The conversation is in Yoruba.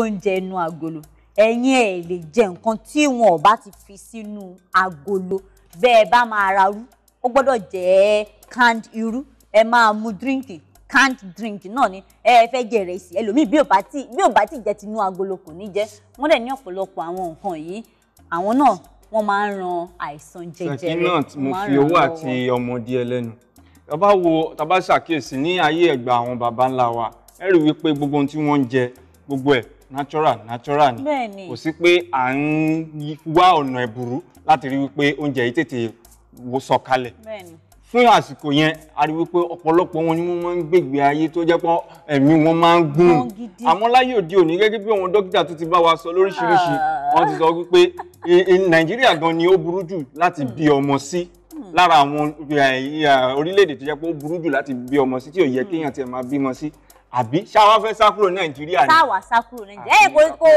oúnjẹ inú agolo ẹ̀yin ẹ̀ lè jẹ nǹkan tí wọn ò bá ti fi sínú agolo bẹ́ẹ̀ bá máa ra rú ó gbọ́dọ̀ jẹ́ canned irú ẹ máa mu díríǹkì canned drink náà ni ẹ fẹ́ jẹ ìrẹsì ẹlòmíì bí ò bá tí bí ò bá tí jẹ tinú agolo kò ní jẹ wọ́n dẹ̀ ní ọ̀pọ̀lọpọ̀ àwọn nǹkan yìí àwọn náà wọ́n máa ń ran àìsàn jẹjẹrẹ ṣèkí náà mo fi owó àti ọmọdé ẹlẹ́nu tá wo tá bá ṣàkíyèsí ní ayé ẹ̀gbà àwọn baba ńlá wa ẹ rí wípé gbogbo ohun tí wọ́n ń jẹ gbogbo ẹ̀ natural natural ni kò sí pé à ń wá ọ̀nà ẹ̀bùrú láti rí wípé oúnjẹ yìí tètè wo sọ̀kalẹ̀ fún àsìkò yẹn a rí wípé ọ̀pọ̀lọpọ̀ wọn ni wọ́n máa ń gbègbè ayé tó jẹ́ pé ẹ̀mí wọn máa ń gùn àmọ́ láyé òde òní gẹ́gẹ́ bí àwọn dókítà tó ti bá wa sọ lóríṣiríṣi ah. wọ́n ti sọ wípé nàìjíríà gan ni ó burú jù láti hmm. bí ọmọ sí hmm. lára àwọn eh, eh, orílẹ̀-èdè tó jẹ́ pé ó burú jù láti bí ọmọ sí tí ò yẹ kéèyàn hmm. tiẹ̀ máa bímọ sí àbí ṣáwá fẹ́ sá kúrò nàìjíríà ni. sáwà sá kúrò nàìjíríà ẹ kò kò